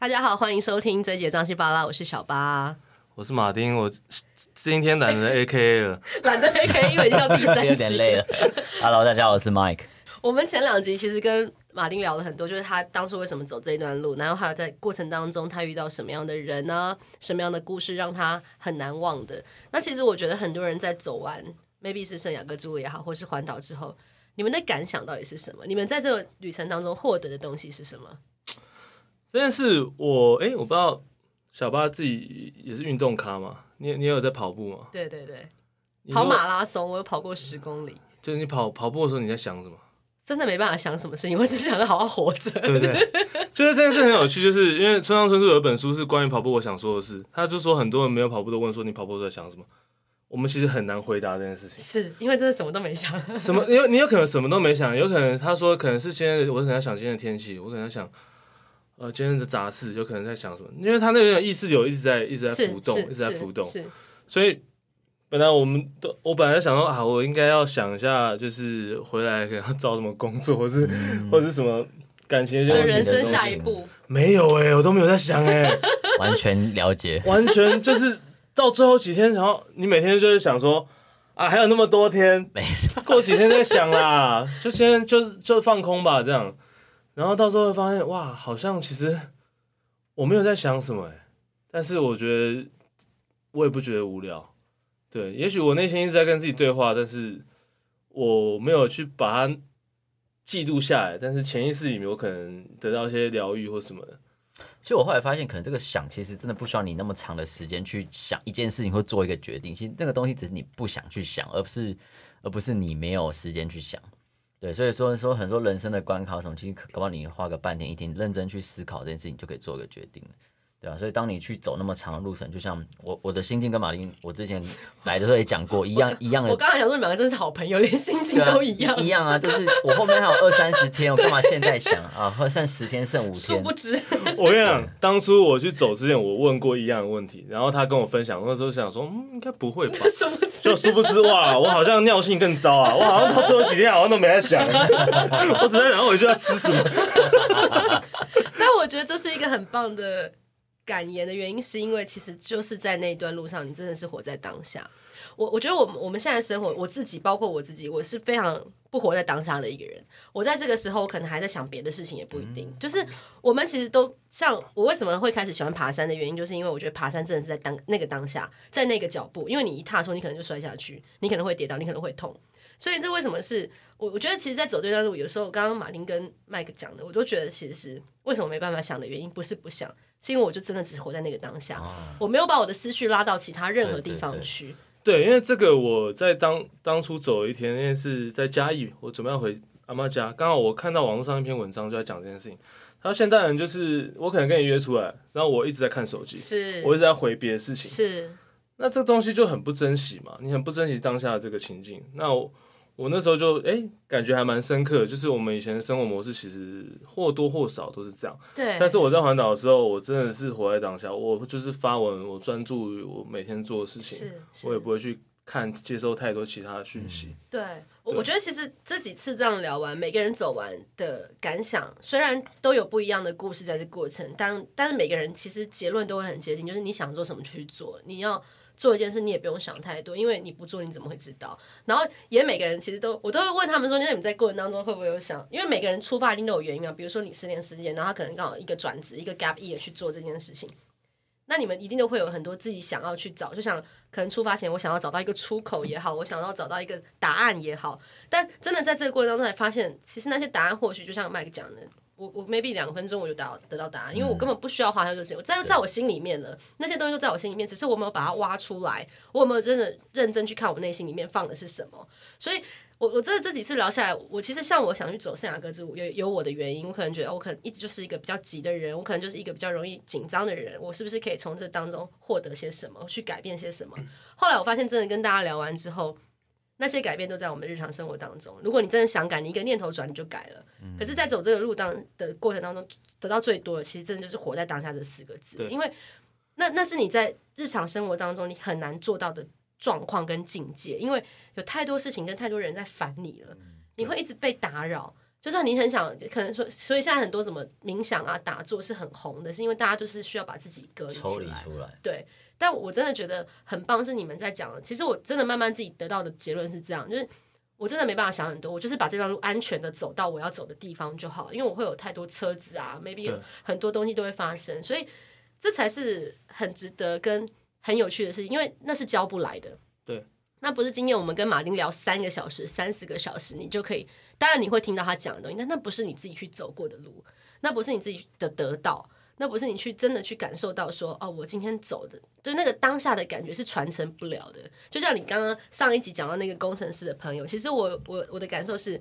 大家好，歡迎收聽這集的《Z 姐髒西巴拉》，我是小巴，我是馬丁，我今天懶得 AK 了， 懶得 AK，因為已經到第三集 了。Hello，大家好，我是 Mike。我們前兩集其實跟馬丁聊了很多，就是他當初為什麼走這一段路，然後還有在過程當中他遇到什麼樣的人呢、啊？什麼樣的故事讓他很難忘的？那其實我覺得很多人在走完，maybe 是聖雅各之路也好，或是環島之後，你們的感想到底是什麼？你們在這個旅程當中獲得的東西是什麼？這件事我哎，我不知道小巴自己也是運動咖嘛。你你也有在跑步嗎？對對對，跑馬拉松，我有跑過十公里。就是你跑跑步的時候，你在想什麼？真的沒辦法想什麼事情，我只是想着好好活着。對不對， 就是這件事很有趣，就是因為村上春樹有一本書是關於跑步。我想說的事，他就說很多人沒有跑步都問說你跑步在想什麼？我們其實很難回答這件事情，是因為真的什麼都沒想。什麼？你有你有可能什麼都沒想，有可能他說可能是現在，我可能想今天的天氣，我可能想。呃，今天的雜事有可能在想什麼？因為他那個意識有一直在一直在浮動，一直在浮動。所以本來我們都，我本來想說啊，我應該要想一下，就是回來給他找什麼工作，嗯、或者或者什麼感情，就是人生下一步。沒有誒、欸，我都沒有在想誒、欸， 完全了解，完全就是到最後幾天，然後你每天就是想說啊，還有那麼多天，沒事，過幾天再想啦，就先就就放空吧，這樣。然後到時候會發現，哇，好像其實我沒有在想什麼哎，但是我覺得我也不覺得無聊，對，也許我內心一直在跟自己對話，但是我沒有去把它記錄下來，但是潛意識裡面我可能得到一些療癒或什麼的。其實我後來發現，可能這個想其實真的不需要你那麼長的時間去想一件事情或做一個決定，其實那個東西只是你不想去想，而不是而不是你沒有時間去想。對，所以說說很多人生的關卡，什麼其實搞不好你花個半天一天，認真去思考這件事情，就可以做一個決定了。對吧、啊？所以當你去走那麼長的路程，就像我我的心境跟馬丁，我之前來的時候也講過一樣一樣。我剛才想說你們兩個真是好朋友，連心境都一樣、啊、一樣啊！就是我後面還有二三十天， 對 我幹嘛現在想啊？剩十天，剩五天，殊不知。我跟你講，對當初我去走之前，我問過一樣的問題，然後他跟我分享，我那時候想說，嗯，應該不會吧？殊不，不知，就殊不知哇！我好像尿性更糟啊！我好像到最後幾天好像都沒在想， 我只在想，然後我就要吃什麼 但我覺得這是一個很棒的。感言的原因是因為，其實就是在那一段路上，你真的是活在當下。我我覺得，我們我們現在生活，我自己包括我自己，我是非常不活在當下的一個人。我在這個時候，可能還在想別的事情，也不一定。就是我們其實都像我為什麼會開始喜歡爬山的原因，就是因為我覺得爬山真的是在當那個當下，在那個腳步，因為你一踏出，你可能就摔下去，你可能會跌倒，你可能會痛。所以這為什麼是我？我覺得其實，在走這段路，有時候剛剛馬丁跟麥克講的，我都覺得，其實為什麼沒辦法想的原因，不是不想。是因為我就真的只活在那個當下，啊、我沒有把我的思緒拉到其他任何地方去。對，對，對，對，因為這個我在當當初走了一天，那天是在嘉義，我準備要回阿媽家，剛好我看到網絡上一篇文章就在講這件事情。他說現代人就是我可能跟你約出來，然後我一直在看手機，是，我一直在回別的事情，是。那這個東西就很不珍惜嘛，你很不珍惜當下的這個情境，那我。我那時候就哎、欸，感覺還蠻深刻的，就是我們以前的生活模式其實或多或少都是這樣。對。但是我在環島的時候，我真的是活在當下，我就是發文，我專注於我每天做的事情，我也不會去看接收太多其他的訊息。對，對。我我覺得其實這幾次這樣聊完，每個人走完的感想，雖然都有不一樣的故事在這過程，但但是每個人其實結論都會很接近，就是你想做什麼去做，你要。做一件事，你也不用想太多，因為你不做你怎麼會知道？然後也每個人其實都，我都會問他們說，那你們在過程當中會不會有想？因為每個人出發一定都有原因啊，比如說你失戀失業，然後他可能剛好一個轉職，一個 gap year 去做這件事情，那你們一定都會有很多自己想要去找，就像可能出發前我想要找到一個出口也好，我想要找到一個答案也好，但真的在這個過程當中才發現，其實那些答案或許就像 Mike 講的。我我 maybe 兩分鐘我就答得到答案，因為我根本不需要花上多久。嗯，我在在我心裡面了，對那些東西都在我心裡面，只是我沒有把它挖出來，我有沒有真的認真去看我內心裡面放的是什麼？所以我，我我真的這幾次聊下來，我其實像我想去走聖雅各之路，有有我的原因。我可能覺得我可能一直就是一個比較急的人，我可能就是一個比較容易緊張的人。我是不是可以從這當中獲得些什麼，去改變些什麼？後來我發現，真的跟大家聊完之後。那些改變都在我們日常生活當中。如果你真的想改，你一個念頭轉，你就改了。嗯、可是，在走這個路當的過程當中，得到最多的，其實真的就是活在當下這四個字。對因為那那是你在日常生活當中你很難做到的狀況跟境界，因為有太多事情跟太多人在煩你了，你會一直被打擾。對就算你很想，可能說，所以現在很多什麼冥想啊、打坐是很紅的，是因為大家就是需要把自己隔離出來，對。但我真的覺得很棒，是你們在講了。其實我真的慢慢自己得到的結論是這樣，就是我真的沒辦法想很多，我就是把這段路安全的走到我要走的地方就好，因為我會有太多車子啊，maybe 對，很多東西都會發生，所以這才是很值得跟很有趣的事情，因為那是教不來的。對，那不是今天我們跟馬丁聊三個小時、三十個小時，你就可以，當然你會聽到他講的東西，但那不是你自己去走過的路，那不是你自己的得到。那不是你去真的去感受到說，哦，我今天走的，就那個當下的感覺是傳承不了的。就像你剛剛上一集講到那個工程師的朋友，其實我我我的感受是，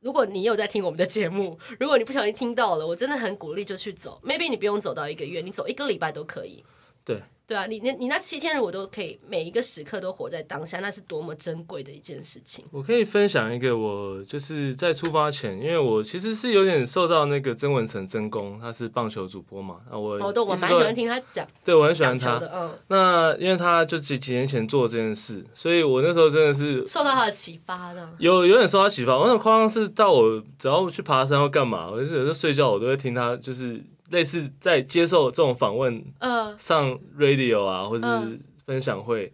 如果你有在聽我們的節目，如果你不小心聽到了，我真的很鼓勵，就去走。Maybe 你不用走到一個月，你走一個禮拜都可以。對。對啊，你那、你那七天如果都可以，每一個時刻都活在當下，那是多麼珍貴的一件事情。我可以分享一個，我就是在出發前，因為我其實是有點受到那個曾文誠曾公，他是棒球主播嘛，啊我也、哦對，我我都我蠻喜歡聽他講，對我很喜歡他，的嗯。那因為他就幾幾年前做這件事，所以我那時候真的是受到他的啟發呢，有有點受他啟發。我很誇張是到我只要去爬山或幹嘛，我就是有時候睡覺我都會聽他，就是。類似在接受這種訪問，嗯，上 radio 啊，呃、或者分享會，呃、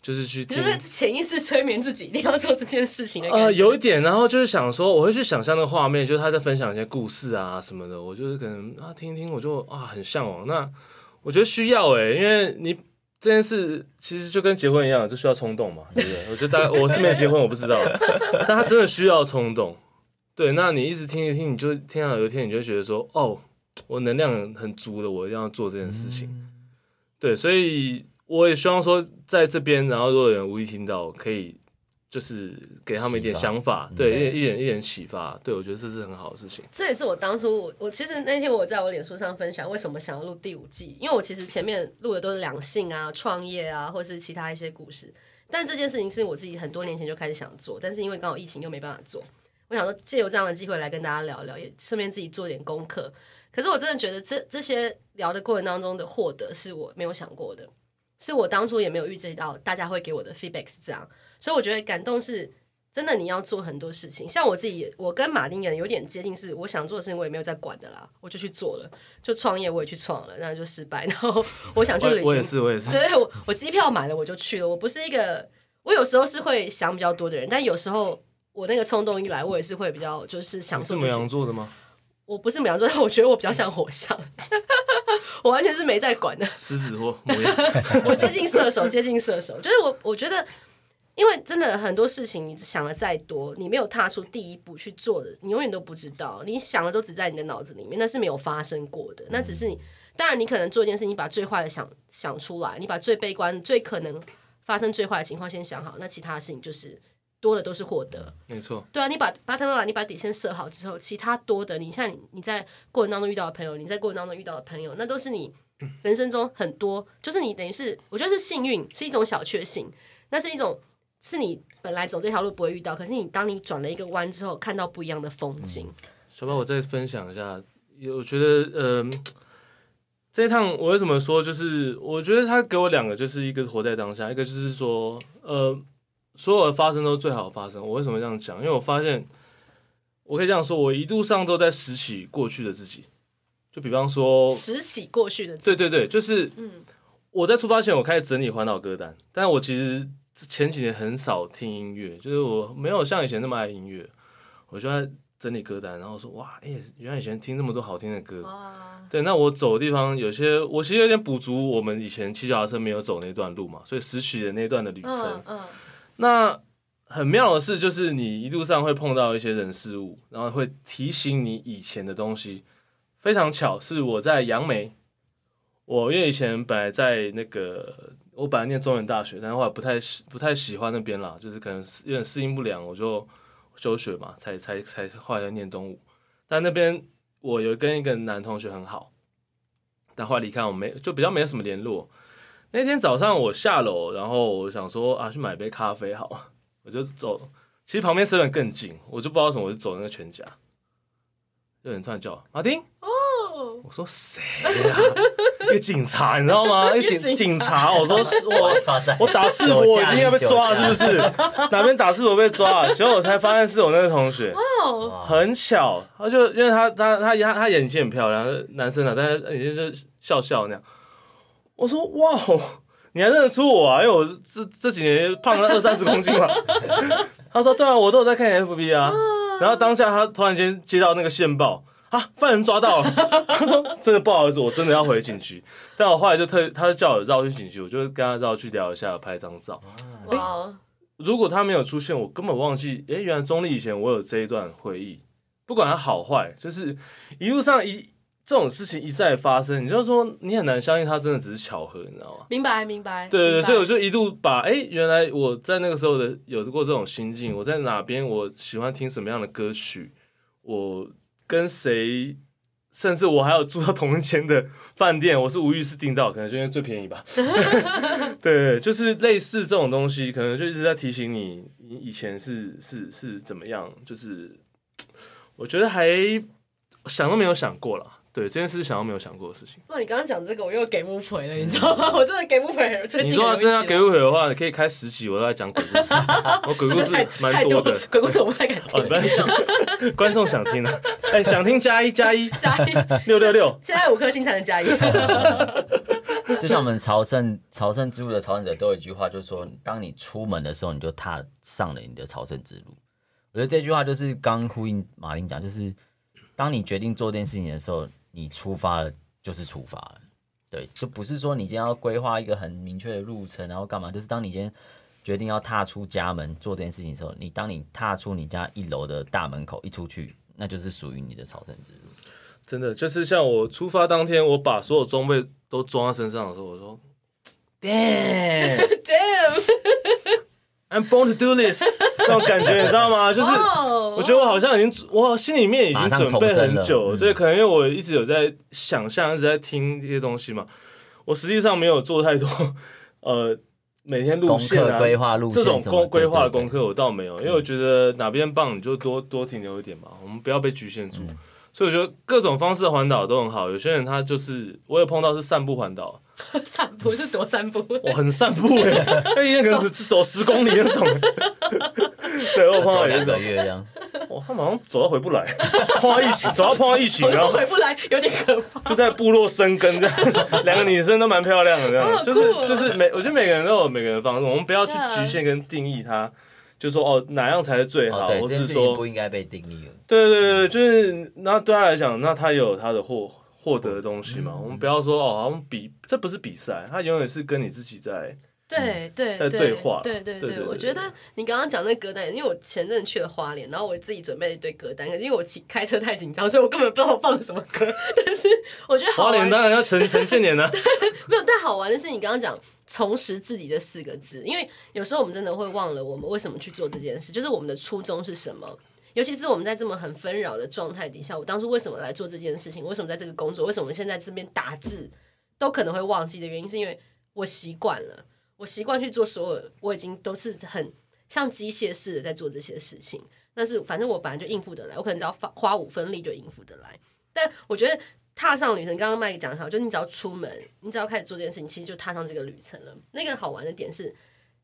就是去聽，就是潛意識催眠自己，一定要做這件事情的、呃、有一點。然後就是想說，我會去想象那個畫面，就是他在分享一些故事啊什麼的，我就是可能啊，聽一聽，我就啊，很嚮往。那我覺得需要哎、欸，因為你這件事其實就跟結婚一樣，就需要衝動嘛，對不對？ 我覺得大家我是沒結婚，我不知道， 但他真的需要衝動。對，那你一直聽一聽，你就聽到有一天，你就覺得說，哦，我能量很足的，我一定要做這件事情。嗯、對，所以我也希望說，在這邊，然後如果有人無意聽到，可以就是給他們一點想法、起發，對，對，一，一點一點一點啟發。對，我覺得這是很好的事情。這也是我當初我我其實那天我在我臉書上分享為什麼想要錄第五季，因為我其實前面錄的都是兩性啊、創業啊，或是其他一些故事。但這件事情是我自己很多年前就開始想做，但是因為剛好疫情又沒辦法做，我想說，借由這樣的機會來跟大家聊聊，也順便自己做點功課。可是我真的覺得這，這這些聊的過程當中的獲得是我沒有想過的，是我當初也沒有預計到大家會給我的 feedback 是這樣，所以我覺得感動是真的。你要做很多事情，像我自己，我跟馬丁一樣有點接近，是我想做的事情，我也沒有在管的啦，我就去做了，就創業我也去創了，然後就失敗，然後我想去旅行，我，我也是，我也是，所以我我機票買了我就去了。我不是一個我有時候是會想比較多的人，但有時候我那個衝動一來，我也是會比較就是想做、哦。是牡羊座的嗎？我不是牡羊座，但我覺得我比較像火象， 我完全是沒在管的獅子 我接近射手，接近射手，就是我我覺得，因為真的很多事情，你想的再多，你沒有踏出第一步去做的，你永遠都不知道，你想的都只在你的腦子裡面，那是沒有發生過的，那只是你，當然你可能做一件事，你把最壞的想想出來，你把最悲觀、最可能發生最壞的情況先想好，那其他事情就是。多的都是獲得，嗯、沒錯。對啊，你把把他們啊，你把底線設好之後，其他多的，你像你在過程當中遇到的朋友，你在過程當中遇到的朋友，那都是你人生中很多，就是你等於是，我覺得是幸運，是一種小確幸。那是一種，是你本來走這條路不會遇到，可是你當你轉了一個彎之後，看到不一樣的風景。嗯、小寶，我再分享一下，有我覺得呃，這一趟我為什麼說就是，我覺得他給我兩個，就是一個活在當下，一個就是說呃。所有的發生都最好發生。我為什麼這樣講？因為我發現，我可以這樣說：我一路上都在拾起過去的自己。就比方說，拾起過去的自己。對對對，就是嗯，我在出發前我開始整理環島歌單。嗯、但是我其實前幾年很少聽音樂，就是我沒有像以前那麼愛音樂。我就在整理歌單，然後說哇，哎、欸，原來以前聽那麼多好聽的歌。哇對，那我走的地方有些，我其實有點補足我們以前騎腳踏車沒有走那段路嘛，所以拾起的那段的旅程。嗯嗯那很妙的事就是，你一路上會碰到一些人事物，然後會提醒你以前的東西。非常巧，是我在楊梅。我因為以前本來在那個，我本來念中原大學，但後來不太不太喜歡那邊啦，就是可能有點適應不良，我就休學嘛，才才才後來念東吳。但那邊我有跟一個男同學很好，但後來離開我沒，就比較沒有什麼聯絡。那天早上我下樓，然後我想說啊去買杯咖啡好，我就走，其實旁邊舍友更近，我就不知道什麼，我就走那個全家。有人突然叫馬丁，oh. 我說誰呀、啊？ 一個警察，你知道嗎？一個警警察，我說我，我，在我打四我今天要被抓是不是？是哪邊打四我被抓了？結果 我才發現是我那個同學，oh. 很巧，他就因為他他他他，他眼睛很漂亮，男生啊，但是眼睛就笑笑那樣。我說哇哦，你還認得出我啊？因為我這這幾年胖了二三十公斤嘛。 他說對啊，我都有在看 FB 啊。啊然後當下他突然間接到那個線報啊，犯人抓到了， 真的不好意思，我真的要回警局。 但我後來就特他就叫我繞去警局，我就跟他繞去聊一下，拍張照。哇 Wow.！如果他沒有出現，我根本忘記。哎，原來中壢以前我有這一段回憶，不管他好壞，就是一路上一。這種事情一再發生，你就是說你很難相信它真的只是巧合，你知道嗎？明白，明白。對對，明白。所以我就一度把哎、欸，原來我在那個時候的有過這種心境，嗯、我在哪邊，我喜歡聽什麼樣的歌曲，我跟誰，甚至我還有住到同一間的飯店，我是無意識訂到，可能就因為最便宜吧。 對，就是類似這種東西，可能就一直在提醒你，你以前是是是怎麼樣？就是我覺得還想都沒有想過了。對這件事，想都沒有想過的事情。不哇，你剛剛講這個，我又給不回了，你知道嗎？我真的給不回了。你如果真的要給不回的話，Okay. 你可以開十集，我都在講鬼故事。我 好、哦、鬼故事蠻多的多，鬼故事我不太敢聽。觀眾想聽的、啊，哎，想聽 1, 1, 加一加一加一六六六，現在五顆星才能加一。 就像我們朝聖，朝聖之路的朝聖者都有一句話，就是說，當你出門的時候，你就踏上了你的朝聖之路。我覺得這句話就是剛呼應馬丁講，就是當你決定做一件事情的時候。你出發了就是出發了，對，就不是說你今天要規劃一個很明確的路程，然後幹嘛？就是當你今天決定要踏出家門做這件事情的時候，你當你踏出你家一樓的大門口一出去，那就是屬於你的朝聖之路。真的，就是像我出發當天，我把所有裝備都裝在身上的時候，我說，Damn，Damn，I'm born to do this。這 種感覺你知道嗎？就是我覺得我好像已經，我心裡面已經準備很久了，了，對，可能因為我一直有在想象，嗯，一直在聽這些東西嘛。我實際上沒有做太多，呃，每天路線啊，功課路線，這種規劃的功課我倒沒有，對對對，因為我覺得哪邊棒你就多多停留一點嘛，我們不要被局限住。嗯所以我覺得各種方式的環島都很好。有些人他就是，我有碰到是散步環島，嗯、散步是多散步，我很散步，一有可能是走十公里那種。走 對，我碰到也是這樣，啊啊、哇，他好像走到回不來，碰到一起，走到碰到一起，啊、然後回不來，有點可怕。 就在部落生根這樣。兩個女生都蠻漂亮的，這樣，好好啊、就是就是每，我覺得每個人都有每個人的方式，我們不要去局限跟定義她。就說哦，哪樣才是最好？哦、我是說不應該被定義了。對對對，嗯、就是那對他來講，那他也有他的獲、嗯、獲得的東西嘛。嗯、我們不要說哦，好像比這不是比賽，他永遠是跟你自己在對對、嗯、在對話。對對對，對，對對對，我覺得你剛剛講那歌單，因為我前陣去了花蓮，然後我自己準備了一堆歌單，可是因為我騎開車太緊張，所以我根本不知道我放了什麼歌。但是我覺得花蓮當然要陳陳建年啊，沒有。但好玩的是你剛剛講。重拾自己的四個字，因為有時候我們真的會忘了我們為什麼去做這件事，就是我們的初衷是什麼。尤其是我們在這麼很紛擾的狀態底下，我當初為什麼來做這件事情？為什麼在這個工作？為什麼我們現在這邊打字都可能會忘記的原因，是因為我習慣了，我習慣去做所有，我已經都是很像機械式的在做這些事情。但是反正我本來就應付得來，我可能只要花花五分力就應付得來。但我覺得。踏上旅程，剛剛麥克講的好，就你只要出門，你只要開始做這件事情，其實就踏上這個旅程了。那個好玩的點是，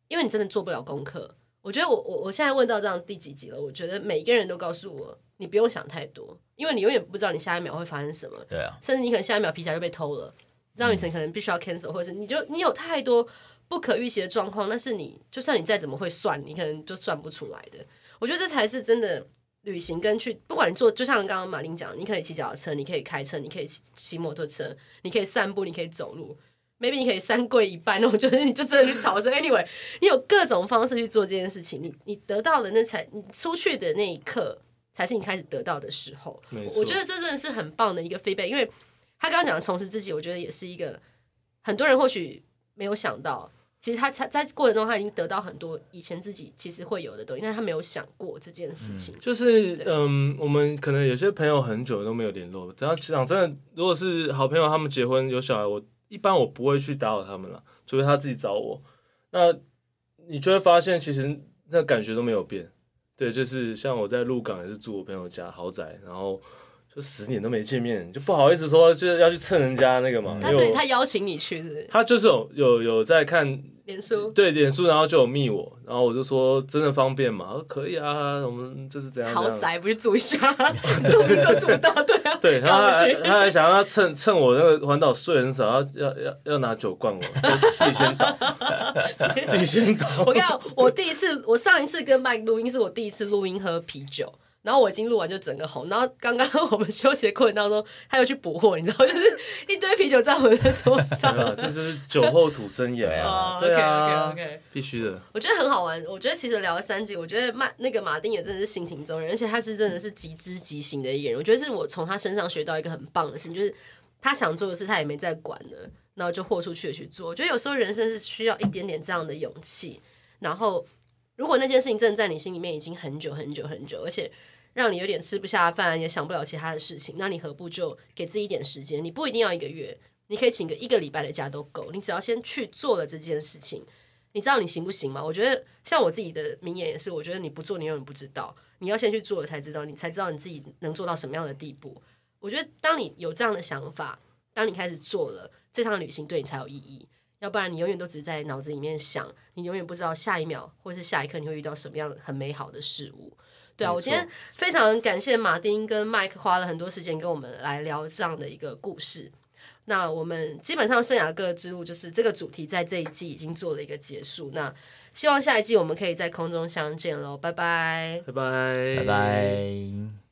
因為你真的做不了功課。我覺得我我我現在問到這樣第幾集了，我覺得每一個人都告訴我，你不用想太多，因為你永遠不知道你下一秒會發生什麼。對啊，甚至你可能下一秒皮夾就被偷了，讓旅程可能必須要 cancel，或者是你就你有太多不可預期的狀況，那是你就算你再怎麼會算，你可能就算不出來的。我覺得這才是真的。旅行跟去，不管你做，就像剛剛馬玲講，你可以騎腳車，你可以開車，你可以騎騎摩托車，你可以散步，你可以走路，maybe 你可以三跪一半。那我覺得你就真的去朝試。Anyway，你有各種方式去做這件事情，你你得到了那才，你出去的那一刻才是你開始得到的時候錯我。我覺得這真的是很棒的一個飛 k 因為他剛剛講的從事自己，我覺得也是一個很多人或許沒有想到。其實他才在過程中，他已經得到很多以前自己其實會有的東西，但他沒有想過這件事情。嗯、就是對嗯，我們可能有些朋友很久都沒有聯絡。等到其實講真的，如果是好朋友，他們結婚有小孩我，我一般我不會去打擾他們了，除非他自己找我。那你就會發現，其實那感覺都沒有變。對，就是像我在鹿港也是住我朋友家豪宅，然後。就十年都沒見面，就不好意思說，就是要去蹭人家那個嘛。他他邀請你去，他就是有有有在看臉書，對臉書，然後就有密我，然後我就說真的方便嘛，他說可以啊，我們就是這樣。豪宅不是住一下，住不宿住到，對啊。對，他他還想要蹭蹭我那個環島睡很少，要要要要拿酒灌我，自己先倒，自己先倒。我跟你講，我第一次，我上一次跟 Mike 錄音是我第一次錄音喝啤酒。然後我已經錄完就整個紅，然後剛剛我們休息的過程當中，他又去補貨，你知道，就是一堆啤酒在我的桌上。這就是酒後吐真言啊！OK OK OK，必須的。我覺得很好玩，我覺得其實聊了三集，我覺得那個馬丁也真的是性情中人，而且他是真的是極之極行的一個人。我覺得是我從他身上學到一個很棒的事情，就是他想做的事他也沒再管了，然後就豁出去的去做。我覺得有時候人生是需要一點點這樣的勇氣，然後，如果那件事情真的在你心裡面已經很久很久很久，而且讓你有點吃不下飯，也想不了其他的事情，那你何不就給自己一點時間？你不一定要一個月，你可以請個一個禮拜的假都夠。你只要先去做了這件事情，你知道你行不行嗎？我覺得像我自己的名言也是，我覺得你不做你永遠不知道，你要先去做了才知道，你才知道你自己能做到什麼樣的地步。我覺得當你有這樣的想法，當你開始做了，這趟旅行對你才有意義。要不然你永遠都只在腦子裡面想，你永遠不知道下一秒或者是下一刻你會遇到什麼樣很美好的事物。對啊，錯我今天非常感謝馬丁跟麥克花了很多時間跟我們來聊這樣的一個故事。那我們基本上聖雅各之路就是這個主題，在這一季已經做了一個結束。那希望下一季我們可以在空中相見嘍，拜拜，拜拜 bye，拜拜。